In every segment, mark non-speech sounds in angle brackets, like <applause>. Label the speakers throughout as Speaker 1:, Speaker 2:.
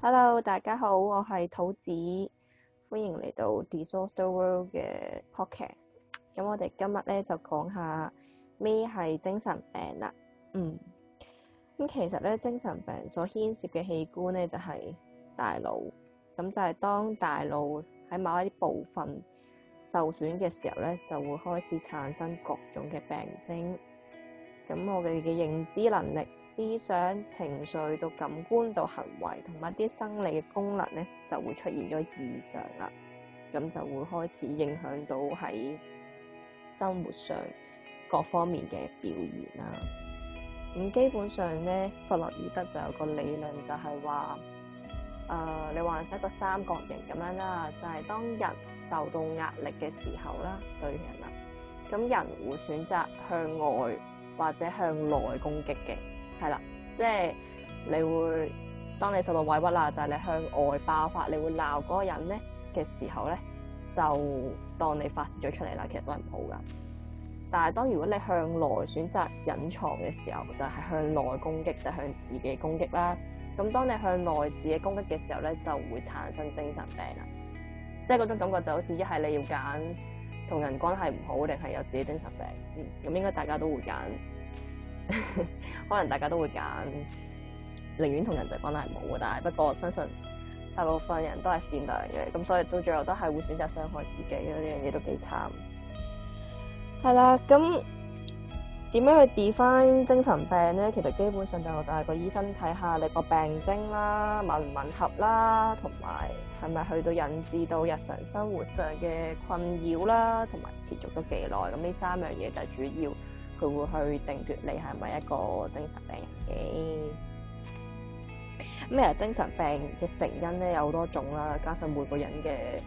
Speaker 1: Hello，大家好，我係桃子，歡迎嚟到 d i s o s t e e World 嘅 Podcast。咁我哋今日咧就講下咩係精神病啦。嗯，咁其實咧精神病所牽涉嘅器官咧就係、是、大腦，咁就係當大腦喺某一啲部分受損嘅時候咧，就會開始產生各種嘅病徵。咁我哋嘅認知能力、思想、情緒到感官到行為同埋啲生理嘅功能咧，就會出現咗異常啦。咁就會開始影響到喺生活上各方面嘅表現啦。咁基本上咧，弗洛伊德就有個理論就係話，誒、呃，你畫晒個三角形咁樣啦，就係、是、當人受到壓力嘅時候啦，對人啦，咁人會選擇向外。或者向內攻擊嘅，係啦，即係你會當你受到委屈啦，就係、是、你向外爆發，你會鬧嗰個人咧嘅時候咧，就當你發泄咗出嚟啦，其實都係唔好噶。但係當如果你向內選擇隱藏嘅時候，就係、是、向內攻擊，就係、向自己攻擊啦。咁當你向內自己攻擊嘅時候咧，就會產生精神病啦。即係嗰種感覺就好似一係你要揀同人關係唔好，定係有自己精神病，咁、嗯、應該大家都會揀。 <laughs> 可能大家都會揀，寧願同人哋講係冇嘅，但係不過我相信大部分人都係善良嘅，咁所以到最後都係會選擇傷害自己咯，呢樣嘢都幾慘。係啦，咁點樣去 define 精神病咧？其實基本上就就係個醫生睇下你個病徵啦，吻唔吻合啦，同埋係咪去到引致到日常生活上嘅困擾啦，同埋持續咗幾耐，咁呢三樣嘢就係主要。佢會去定奪你係咪一個精神病人嘅。咁精神病嘅成因咧，有好多種啦，加上每個人嘅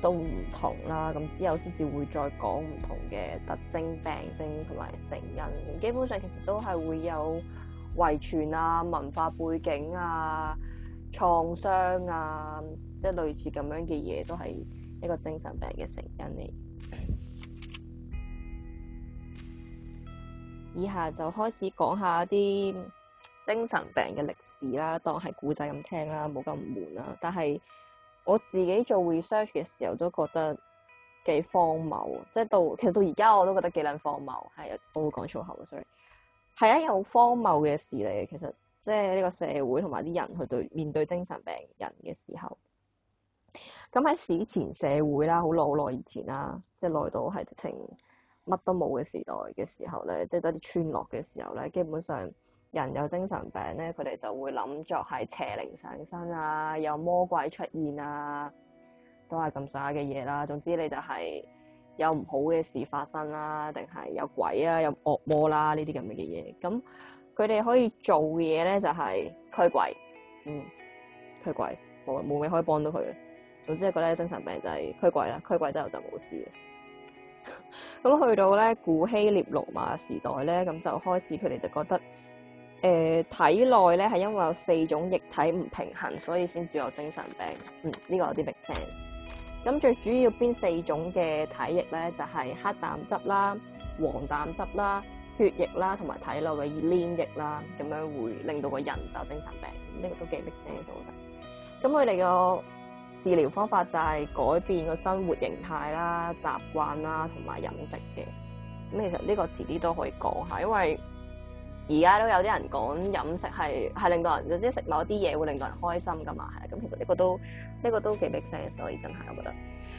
Speaker 1: 都唔同啦，咁之後先至會再講唔同嘅特徵、病症同埋成因。基本上其實都係會有遺傳啊、文化背景啊、創傷啊，即係類似咁樣嘅嘢，都係一個精神病人嘅成因嚟。以下就開始講下啲精神病嘅歷史啦，當係古仔咁聽啦，冇咁悶啦。但係我自己做 research 嘅時候都覺得幾荒謬，即係到其實到而家我都覺得幾撚荒謬。係啊，我會講粗口嘅，sorry。係啊，有荒謬嘅事嚟嘅，其實即係呢個社會同埋啲人去對面對精神病人嘅時候，咁喺史前社會啦，好耐好耐以前啦，即係耐到係直情，乜都冇嘅時代嘅時候咧，即係得啲村落嘅時候咧，基本上人有精神病咧，佢哋就會諗著係邪靈上身啊，有魔鬼出現啊，都係咁耍嘅嘢啦。總之你就係有唔好嘅事發生啦，定係有鬼啊，有惡魔啦，呢啲咁嘅嘅嘢。咁佢哋可以做嘅嘢咧就係、是、驅鬼，嗯，驅鬼冇冇咩可以幫到佢嘅。總之覺得精神病就係驅鬼啦，驅鬼之後就冇事。咁去到咧古希臘羅馬時代咧，咁就開始，佢哋就覺得，誒、呃、體內咧係因為有四種液體唔平衡，所以先至有精神病。嗯，呢、這個有啲 make sense。咁最主要邊四種嘅體液咧，就係、是、黑膽汁啦、黃膽汁啦、血液啦，同埋體內嘅黏液啦，咁樣會令到個人就有精神病。呢、這個都幾 make sense 我覺得。咁佢哋個治療方法就係改變個生活形態啦、習慣啦同埋飲食嘅。咁其實呢個遲啲都可以講下，因為而家都有啲人講飲食係係令到人，就即係食某啲嘢會令到人開心噶嘛。係咁，其實呢個都呢個都幾 big thing，所以真係我覺得。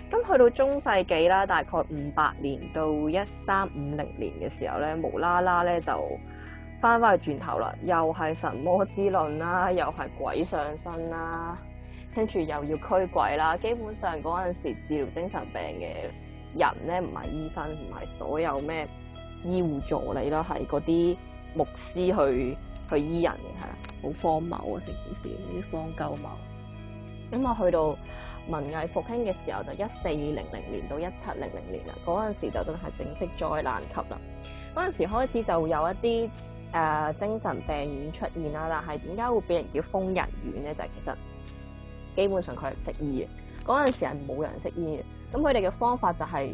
Speaker 1: 咁去到中世紀啦，大概五百年到一三五零年嘅時候咧，無啦啦咧就翻返去轉頭啦，又係神魔之論啦，又係鬼上身啦。跟住又要驅鬼啦。基本上嗰陣時治療精神病嘅人咧，唔係醫生，唔係所有咩醫護助理啦，係嗰啲牧師去去醫人嘅，係好荒謬啊，成件事啲荒鳩謬。咁啊，去到文藝復興嘅時候，就一四零零年到一七零零年啦。嗰陣時就真係正式災難級啦。嗰陣時開始就有一啲誒、呃、精神病院出現啦，但係點解會俾人叫瘋人院咧？就係、是、其實。基本上佢係唔識醫嘅，嗰陣時係冇人識醫嘅。咁佢哋嘅方法就係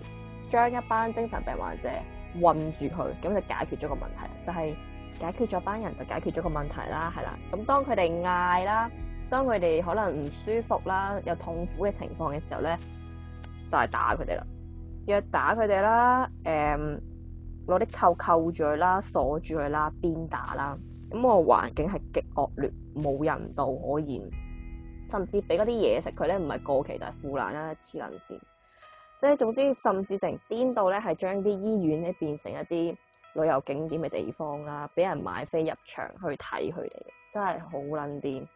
Speaker 1: 將一班精神病患者困住佢，咁就解決咗個問題。就係、是、解決咗班人就解決咗個問題啦，係啦。咁當佢哋嗌啦，當佢哋可能唔舒服啦，有痛苦嘅情況嘅時候咧，就係、是、打佢哋啦，約打佢哋啦，誒、嗯，攞啲扣扣住佢啦，鎖住佢啦，鞭打啦。咁個環境係極惡劣，冇人道可言。甚至俾嗰啲嘢食佢咧，唔係過期就係腐爛啦，黐捻線。即係總之，甚至成癲到咧，係將啲醫院咧變成一啲旅遊景點嘅地方啦，俾人買飛入場去睇佢哋，真係好捻癲。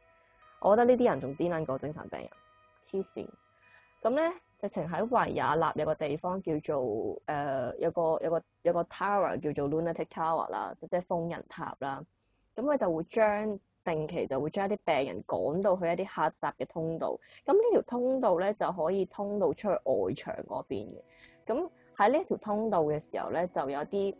Speaker 1: 我覺得呢啲人仲癲捻過精神病人，黐線。咁咧，直情喺維也納有個地方叫做誒、呃，有個有個有個 tower 叫做 Lunatic Tower 啦，即係瘋人塔啦。咁佢就會將。定期就會將一啲病人趕到去一啲狹窄嘅通道，咁呢條通道咧就可以通到出去外牆嗰邊嘅。咁喺呢條通道嘅時候咧，就有啲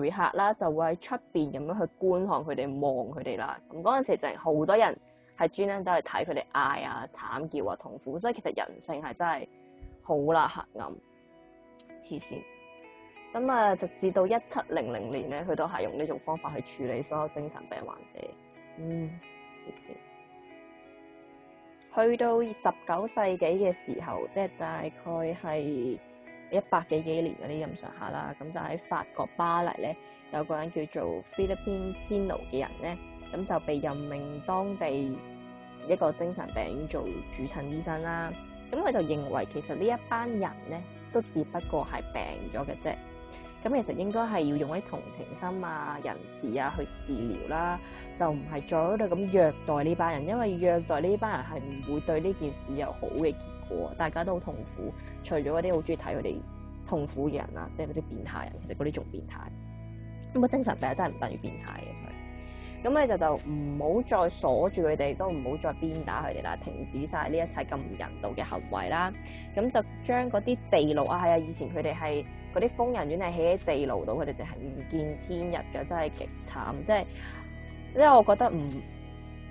Speaker 1: 旅客啦，就會喺出邊咁樣去觀看佢哋，望佢哋啦。咁嗰陣時就係好多人係專登走嚟睇佢哋嗌啊、慘叫啊、痛苦，所以其實人性係真係好啦黑暗、黐線。咁啊，直至到一七零零年咧，佢都係用呢種方法去處理所有精神病患者。嗯，是是。去到十九世紀嘅時候，即係大概係一百幾幾年嗰啲咁上下啦，咁就喺法國巴黎咧，有個人叫做 Philippe Pino 嘅人咧，咁就被任命當地一個精神病院做主診醫生啦。咁佢就認為其實這一呢一班人咧，都只不過係病咗嘅啫。咁其實應該係要用啲同情心啊、仁慈啊去治療啦，就唔係再度咁虐待呢班人，因為虐待呢班人係唔會對呢件事有好嘅結果，大家都好痛苦。除咗嗰啲好中意睇佢哋痛苦嘅人啊，即係嗰啲變態人，其實嗰啲仲變態。咁啊，精神病真係唔等於變態嘅佢。咁咧就就唔好再鎖住佢哋，都唔好再鞭打佢哋啦，停止晒呢一切咁唔人道嘅行為啦。咁就將嗰啲地牢啊，係、哎、啊，以前佢哋係。嗰啲瘋人院係起喺地牢度，佢哋就係唔見天日嘅，真係極慘。即係，因為我覺得唔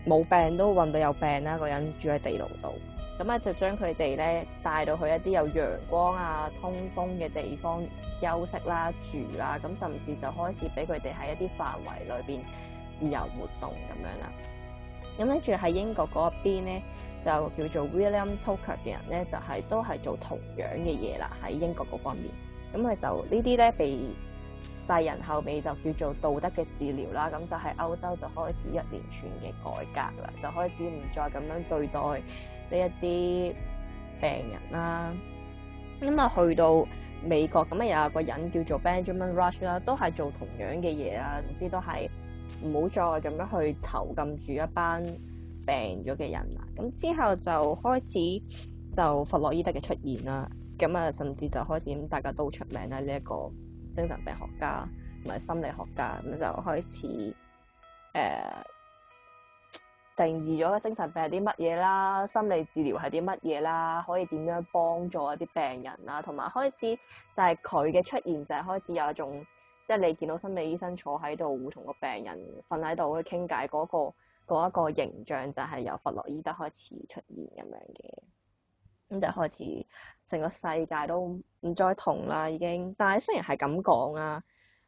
Speaker 1: 冇病都運到有病啦，個人住喺地牢度，咁咧就將佢哋咧帶到去一啲有陽光啊、通風嘅地方休息啦、啊、住啦、啊，咁甚至就開始俾佢哋喺一啲範圍裏邊自由活動咁樣啦。咁跟住喺英國嗰邊咧，就叫做 William Toker 嘅人咧，就係、是、都係做同樣嘅嘢啦，喺英國嗰方面。咁佢就這些呢啲咧被世人後尾就叫做道德嘅治療啦，咁就喺歐洲就開始一連串嘅改革啦，就開始唔再咁樣對待呢一啲病人啦。咁啊去到美國咁啊有一個人叫做 Benjamin Rush 啦，都係做同樣嘅嘢啦，總之都係唔好再咁樣去囚禁住一班病咗嘅人啦。咁之後就開始就弗洛伊德嘅出現啦。咁啊，甚至就開始大家都出名啦。呢、這、一個精神病學家同埋心理學家，咁就開始誒、呃、定義咗個精神病係啲乜嘢啦，心理治療係啲乜嘢啦，可以點樣幫助一啲病人啦，同埋開始就係佢嘅出現就係開始有一種即係、就是、你見到心理醫生坐喺度同個病人瞓喺度去傾偈嗰個嗰一、那個形象就係由弗洛伊德開始出現咁樣嘅。咁就開始，成個世界都唔再同啦，已經。但係雖然係咁講啦，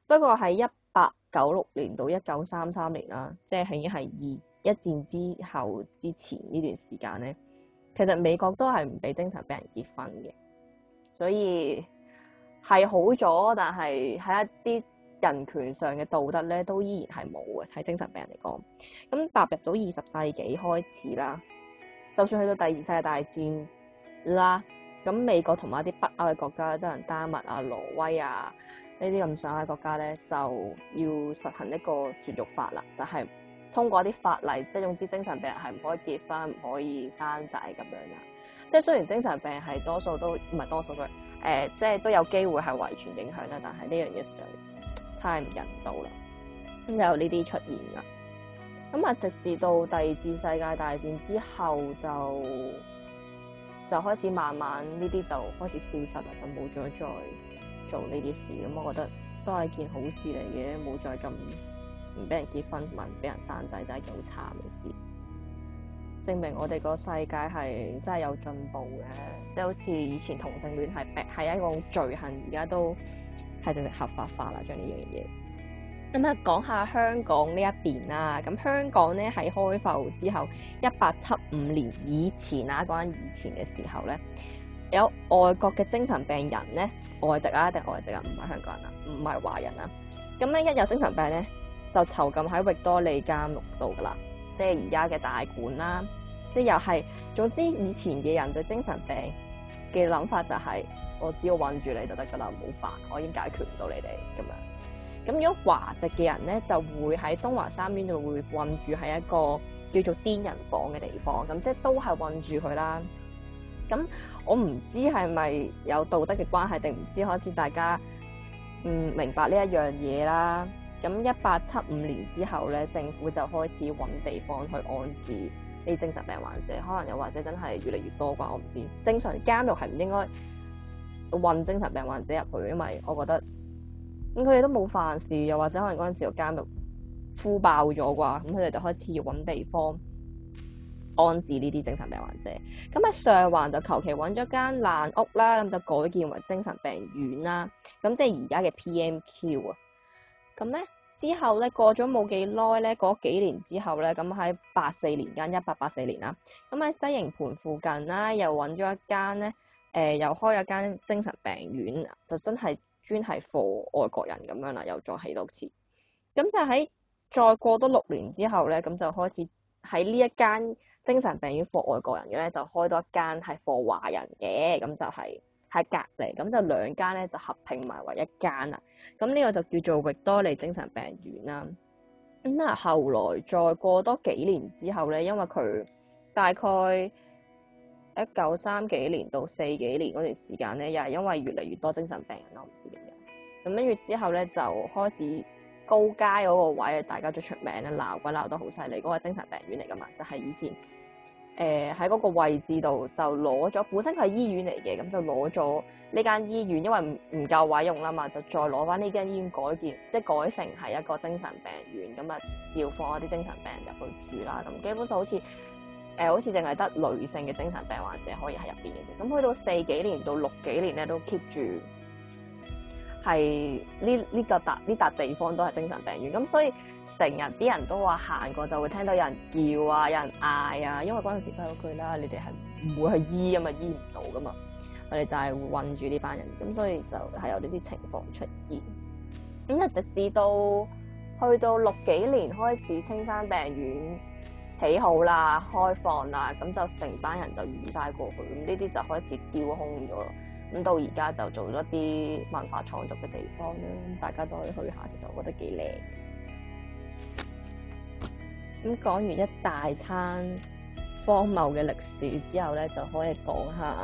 Speaker 1: 不過喺一八九六年到一九三三年啦，即係已經係二一戰之後之前呢段時間咧，其實美國都係唔俾精神病人結婚嘅，所以係好咗，但係喺一啲人權上嘅道德咧，都依然係冇嘅，喺精神病人嚟講。咁踏入到二十世紀開始啦，就算去到第二次世界大戰。啦，咁美國同埋一啲北歐嘅國家，即係丹麥啊、挪威啊呢啲咁上嘅國家咧，就要實行一個絕育法啦，就係通過啲法例，即係總之精神病人係唔可以結婚、唔可以生仔咁樣啦。即係雖然精神病係多數都唔係多數嘅，誒、呃，即係都有機會係遺傳影響啦，但係呢樣嘢實在太唔人道啦。咁有呢啲出現啦。咁啊，直至到第二次世界大戰之後就。就開始慢慢呢啲就開始消失啦，就冇再再做呢啲事，咁我覺得都係件好事嚟嘅。冇再咁唔俾人結婚同埋唔俾人生仔，真係件好慘嘅事。證明我哋個世界係真係有進步嘅，即係好似以前同性戀係係一種罪行，而家都係正式合法化啦，將呢樣嘢。咁啊，講下香港呢一邊啦。咁香港咧喺開埠之後，一八七五年以前啊，講緊以前嘅時候咧，有外國嘅精神病人咧，外籍啊定外籍啊，唔係香港人啊，唔係華人啊。咁咧 <noise> 一有精神病咧，就囚禁喺域多利監獄度噶啦，即係而家嘅大館啦。即係又係，總之以前嘅人對精神病嘅諗法就係、是，我只要韞住你就得噶啦，唔好煩，我已經解決唔到你哋咁樣。咁如果華籍嘅人咧，就會喺東華三院度會困住喺一個叫做癲人房嘅地方，咁即係都係困住佢啦。咁我唔知係咪有道德嘅關係，定唔知開始大家唔明白呢一樣嘢啦。咁一八七五年之後咧，政府就開始揾地方去安置呢精神病患者，可能又或者真係越嚟越多啩，我唔知。正常監獄係唔應該困精神病患者入去，因為我覺得。咁佢哋都冇犯事，又或者可能嗰陣時個監獄枯爆咗啩，咁佢哋就開始要搵地方安置呢啲精神病患者。咁喺上環就求其搵咗間爛屋啦，咁就改建為精神病院啦。咁即係而家嘅 PMQ 啊。咁咧之後咧過咗冇幾耐咧，嗰幾年之後咧，咁喺八四年間一八八四年啦，咁喺西營盤附近啦，又搵咗一間咧，誒、呃、又開咗間精神病院，就真係。專係服外國人咁樣啦，又再起多次。咁就喺再過多六年之後咧，咁就開始喺呢一間精神病院服外國人嘅咧，就開多一間係服華人嘅，咁就係喺隔籬，咁就兩間咧就合併埋為一間啦。咁呢個就叫做域多利精神病院啦。咁、嗯、啊，後來再過多幾年之後咧，因為佢大概。一九三幾年到四幾年嗰段時間咧，又係因為越嚟越多精神病人啦，唔知點樣。咁跟住之後咧，就開始高街嗰個位啊，大家最出名啦，鬧鬼鬧得好犀利，嗰個精神病院嚟噶嘛，就係以前誒喺嗰個位置度就攞咗，本身佢係醫院嚟嘅，咁就攞咗呢間醫院，因為唔唔夠位用啦嘛，就再攞翻呢間醫院改建，即係改成係一個精神病院，咁啊，照放一啲精神病人入去住啦，咁基本上好似。誒、呃，好似淨係得女性嘅精神病患者可以喺入邊嘅啫。咁去到四幾年到六幾年咧，都 keep 住係呢呢個笪呢笪地方都係精神病院。咁所以成日啲人都話行過就會聽到有人叫啊、有人嗌啊。因為嗰陣時嗰句啦，你哋係唔會去醫吖嘛？醫唔到噶嘛。我哋就係困住呢班人，咁所以就係有呢啲情況出現。咁一直至到去到六幾年開始青山病院起好啦，開放啦，咁就成班人就移晒過去，咁呢啲就開始丟空咗咯。咁到而家就做咗啲文化創作嘅地方啦，大家都可以去下。其實我覺得幾靚。咁講完一大餐荒謬嘅歷史之後咧，就可以講下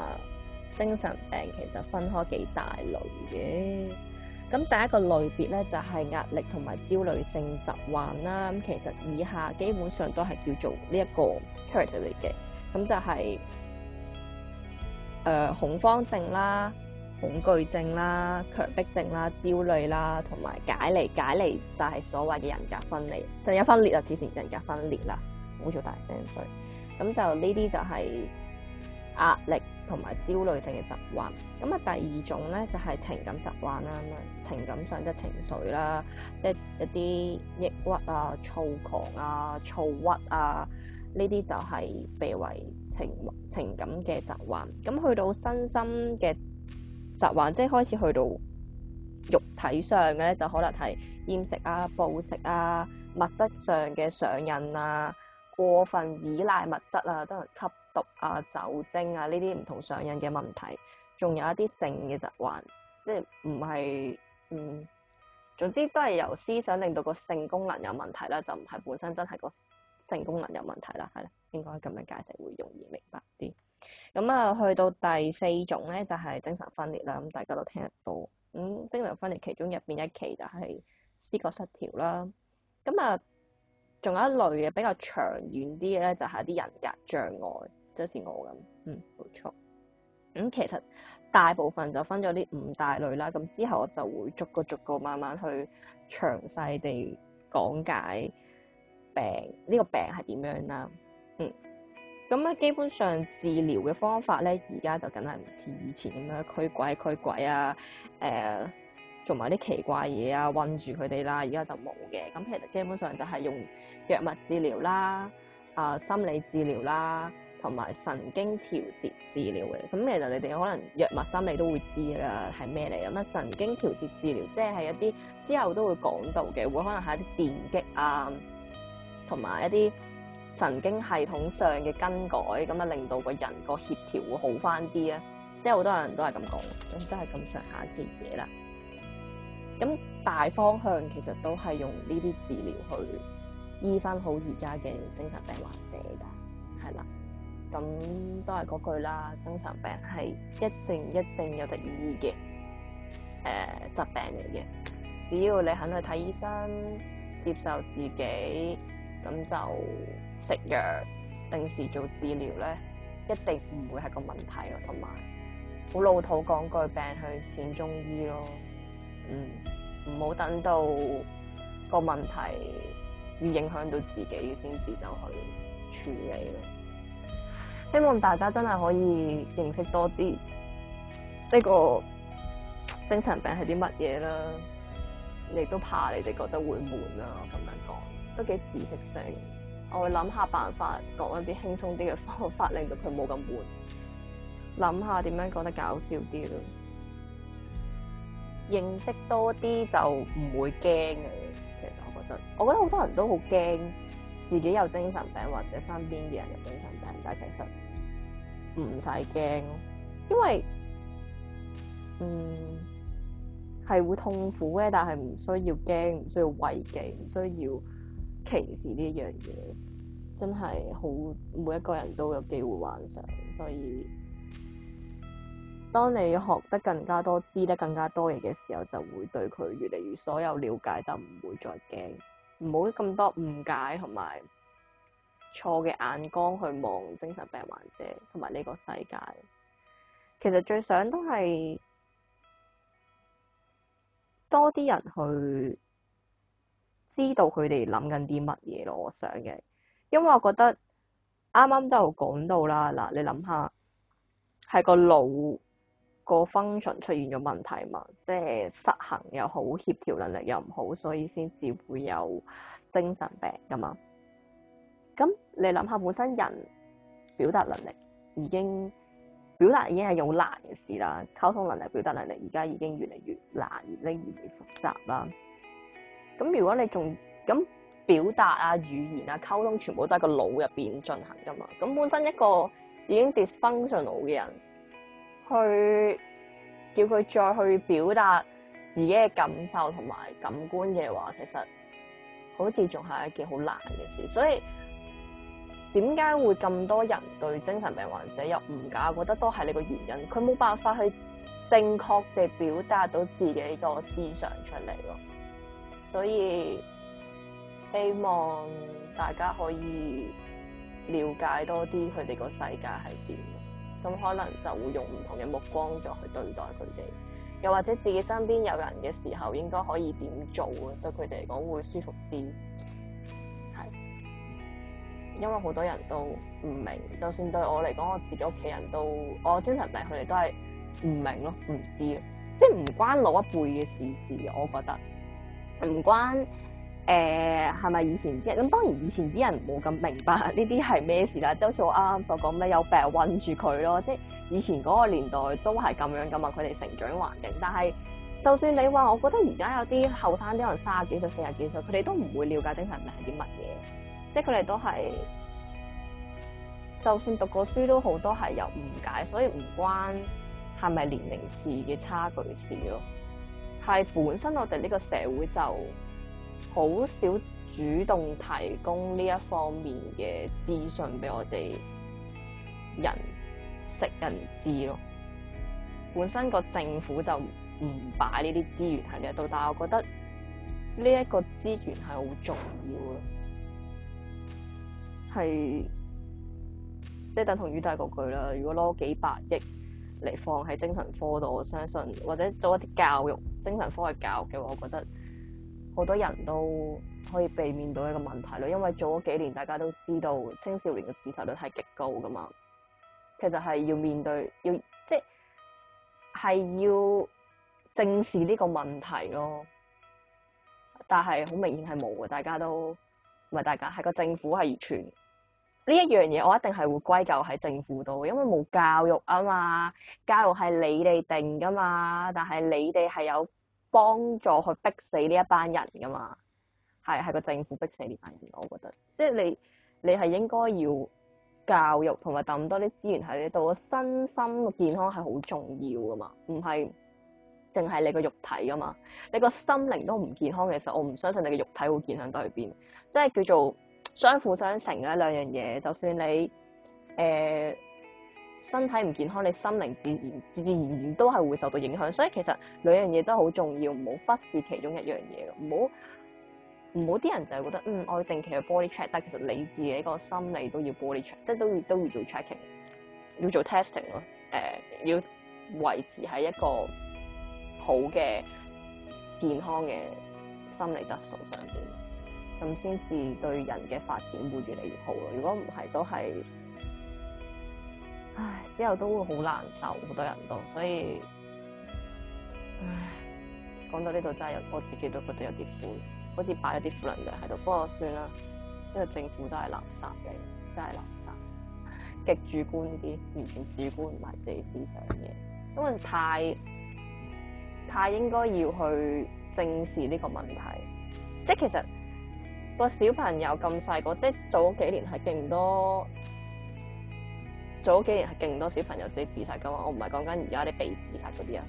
Speaker 1: 精神病其實分開幾大類嘅。咁第一個類別咧就係、是、壓力同埋焦慮性疾患啦，咁其實以下基本上都係叫做呢一個 character 嚟嘅，咁就係、是、誒、呃、恐慌症啦、恐懼症啦、強迫症啦、焦慮啦、同埋解離，解離就係所謂嘅人、人格分裂，就有分裂啊，似是人格分裂啦，好少大聲衰，咁就呢啲就係壓力。同埋焦慮性嘅疾患。咁啊第二種咧就係情感疾患啦，咁啊情感上即係情緒啦，即係一啲抑鬱啊、躁狂啊、躁鬱啊，呢啲就係被為情情感嘅疾患。咁去到身心嘅疾患，即係開始去到肉體上嘅咧，就可能係厭食啊、暴食啊、物質上嘅上癮啊、過分依賴物質啊，都係吸。毒啊、酒精啊呢啲唔同上癮嘅問題，仲有一啲性嘅疾患，即係唔係，嗯，總之都係由思想令到個性功能有問題啦，就唔係本身真係個性功能有問題啦，係啦，應該咁樣解釋會容易明白啲。咁啊，去到第四種咧就係、是、精神分裂啦，咁大家都聽得多。咁、嗯、精神分裂其中入邊一期就係思覺失調啦。咁啊，仲有一類嘅比較長遠啲嘅咧，就係啲人格障礙。都似我咁，嗯，冇錯。咁、嗯、其實大部分就分咗呢五大類啦。咁之後我就會逐個逐個慢慢去詳細地講解病呢、這個病係點樣啦。嗯，咁啊基本上治療嘅方法咧，而家就梗係唔似以前咁樣驅鬼驅鬼啊，誒、呃，做埋啲奇怪嘢啊，困住佢哋啦。而家就冇嘅。咁其實基本上就係用藥物治療啦，啊、呃，心理治療啦。同埋神經調節治療嘅，咁其實你哋可能藥物心理都會知啦，係咩嚟？咁啊神經調節治療即係一啲之後都會講到嘅，會可能係一啲電擊啊，同埋一啲神經系統上嘅更改，咁啊令到個人個協調會好翻啲啊！即係好多人都係咁講，都係咁上下一件嘢啦。咁大方向其實都係用呢啲治療去醫翻好而家嘅精神病患者㗎，係啦。咁都係嗰句啦，精神病係一定一定有得醫嘅，誒、呃，疾病嚟嘅。只要你肯去睇醫生，接受自己，咁就食藥，定時做治療咧，一定唔會係個問題咯。同埋，好老土講句，病去淺中醫咯，嗯，唔好等到個問題要影響到自己先至就去處理咯。希望大家真係可以認識多啲呢個精神病係啲乜嘢啦，你都怕你哋覺得會悶啦，啊。咁樣講都幾知識性，我會諗下辦法講一啲輕鬆啲嘅方法，令到佢冇咁悶。諗下點樣講得搞笑啲咯，認識多啲就唔會驚嘅。其實我覺得，我覺得好多人都好驚。自己有精神病或者身邊嘅人有精神病，但其實唔使驚，因為嗯係會痛苦嘅，但係唔需要驚，唔需要畏忌，唔需要歧視呢樣嘢，真係好每一個人都有機會患上，所以當你學得更加多、知得更加多嘢嘅時候，就會對佢越嚟越所有了解，就唔會再驚。唔好咁多誤解同埋錯嘅眼光去望精神病患者同埋呢個世界。其實最想都係多啲人去知道佢哋諗緊啲乜嘢咯。我想嘅，因為我覺得啱啱都講到啦。嗱，你諗下係個腦。個 function 出現咗問題嘛，即係失衡又好，協調能力又唔好，所以先至會有精神病噶嘛。咁你諗下，本身人表達能力已經表達已經係好難嘅事啦，溝通能力、表達能力而家已經越嚟越難、越嚟越複雜啦。咁如果你仲咁表達啊、語言啊、溝通全部都喺個腦入邊進行噶嘛，咁本身一個已經 dysfunction 咗腦嘅人。去叫佢再去表達自己嘅感受同埋感官嘅話，其實好似仲係一件好難嘅事。所以點解會咁多人對精神病患者有誤解？我覺得都係你個原因。佢冇辦法去正確地表達到自己個思想出嚟咯。所以希望大家可以了解多啲佢哋個世界係點樣。咁可能就會用唔同嘅目光再去對待佢哋，又或者自己身邊有人嘅時候，應該可以點做啊？對佢哋嚟講會舒服啲，係因為好多人都唔明，就算對我嚟講，我自己屋企人都我精神病，佢哋都係唔明咯，唔知，即係唔關老一輩嘅事事，我覺得唔關。誒、呃，係咪以前啲咁？當然以前啲人冇咁明白呢啲係咩事啦，就好似我啱啱所講咧，有病韞住佢咯。即係以前嗰個年代都係咁樣噶嘛，佢哋成長環境。但係就算你話，我覺得而家有啲後生啲人三十幾歲、四十幾歲，佢哋都唔會了解精神病係啲乜嘢。即係佢哋都係，就算讀過書也好都好多係有誤解，所以唔關係咪年齡事嘅差距事咯。係本身我哋呢個社會就。好少主動提供呢一方面嘅資訊俾我哋人食人知咯。本身個政府就唔擺呢啲資源喺呢度，但係我覺得呢、就是、一個資源係好重要咯，係即係等同於大局。佢啦。如果攞幾百億嚟放喺精神科度，我相信或者做一啲教育，精神科嘅教育嘅話，我覺得。好多人都可以避免到一個問題咯，因為早幾年大家都知道青少年嘅自殺率係極高噶嘛，其實係要面對，要即係要正視呢個問題咯。但係好明顯係冇嘅，大家都唔係大家係個政府係完全呢一樣嘢，我一定係會歸咎喺政府度，因為冇教育啊嘛，教育係你哋定噶嘛，但係你哋係有。幫助去逼死呢一班人噶嘛，係係個政府逼死呢班人，我覺得，即係你你係應該要教育同埋抌多啲資源喺呢度，個身心嘅健康係好重要噶嘛，唔係淨係你個肉體噶嘛，你個心靈都唔健康嘅時候，我唔相信你嘅肉體會健康得去邊，即係叫做相輔相成嘅兩樣嘢，就算你誒。呃身體唔健康，你心靈自然自自然然都係會受到影響。所以其實兩樣嘢都係好重要，唔好忽視其中一樣嘢咯。唔好唔好啲人就係覺得，嗯，我定期嘅 body check，但其實你自己個心理都要 body check，即係都要都要做 checking，要做 testing 咯。誒，要維持喺一個好嘅健康嘅心理質素上邊，咁先至對人嘅發展會越嚟越好咯。如果唔係，都係。唉，之後都會好難受，好多人都，所以，唉，講到呢度真係，我自己都覺得有啲灰，好似擺咗啲負能量喺度。不過算啦，因為政府都係垃圾嚟，真係垃圾，極主觀呢啲，完全主觀唔係自己思想嘅，因為太，太應該要去正視呢個問題。即係其實個小朋友咁細個，即係早幾年係勁多。早幾年係勁多小朋友自己自殺㗎嘛。我唔係講緊而家啲被自殺嗰啲啊，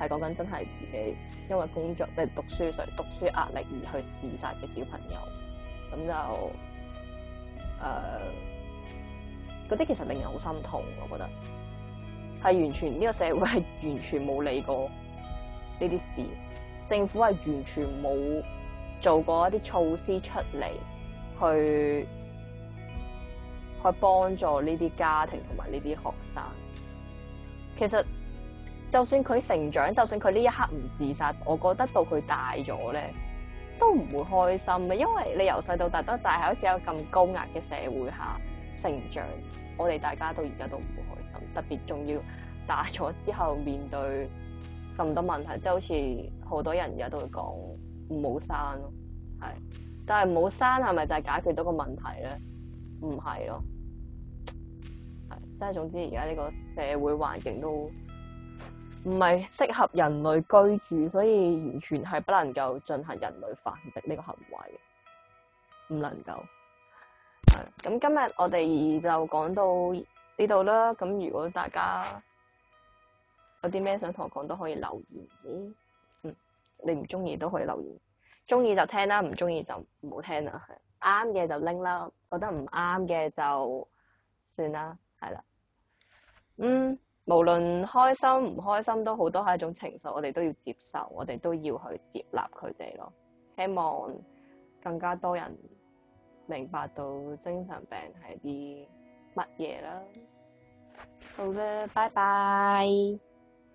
Speaker 1: 係講緊真係自己因為工作即係、就是、讀書上讀書壓力而去自殺嘅小朋友，咁就誒嗰啲其實令人好心痛，我覺得係完全呢、這個社會係完全冇理過呢啲事，政府係完全冇做過一啲措施出嚟去。去幫助呢啲家庭同埋呢啲學生，其實就算佢成長，就算佢呢一刻唔自殺，我覺得到佢大咗咧，都唔會開心啊！因為你由細到大都就係好似有咁高壓嘅社會下成長，我哋大家都都而家都唔會開心，特別仲要大咗之後面對咁多問題，即係好似好多人而家都會講冇生咯，係，但係冇生係咪就係解決到個問題咧？唔係咯，即係總之而家呢個社會環境都唔係適合人類居住，所以完全係不能夠進行人類繁殖呢個行為，唔能夠。咁，嗯，今日我哋就講到呢度啦。咁如果大家有啲咩想同我講都可以留言，嗯，你唔中意都可以留言，中意就聽啦，唔中意就唔好聽啦。嗯啱嘅就拎啦，覺得唔啱嘅就算啦，係啦。嗯，無論開心唔開心都好，多係一種情緒，我哋都要接受，我哋都要去接納佢哋咯。希望更加多人明白到精神病係啲乜嘢啦。好嘅，拜拜。拜拜。